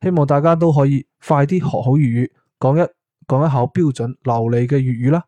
希望大家都可以快啲學好粵語，講一講一口標準流利嘅粵語啦～